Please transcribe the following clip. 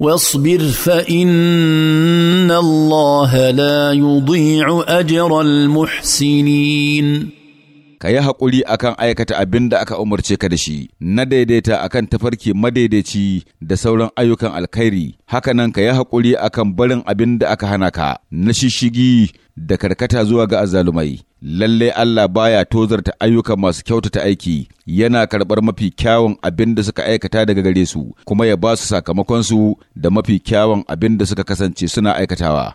واصبر فان الله لا يضيع اجر المحسنين ka yi haƙuri akan aikata abin da aka umarce ka da shi na daidaita akan tafarki madaidaici da sauran ayyukan alkhairi hakanan ka yi haƙuri akan barin abin da aka hana ka na shishigi da karkata zuwa ga Azalumai, lalle Allah baya tozarta ayyuka masu kyautata aiki yana karɓar mafi kyawun abin da suka aikata daga gare su kuma ya ba su sakamakonsu da mafi kyawun abin da suka kasance suna aikatawa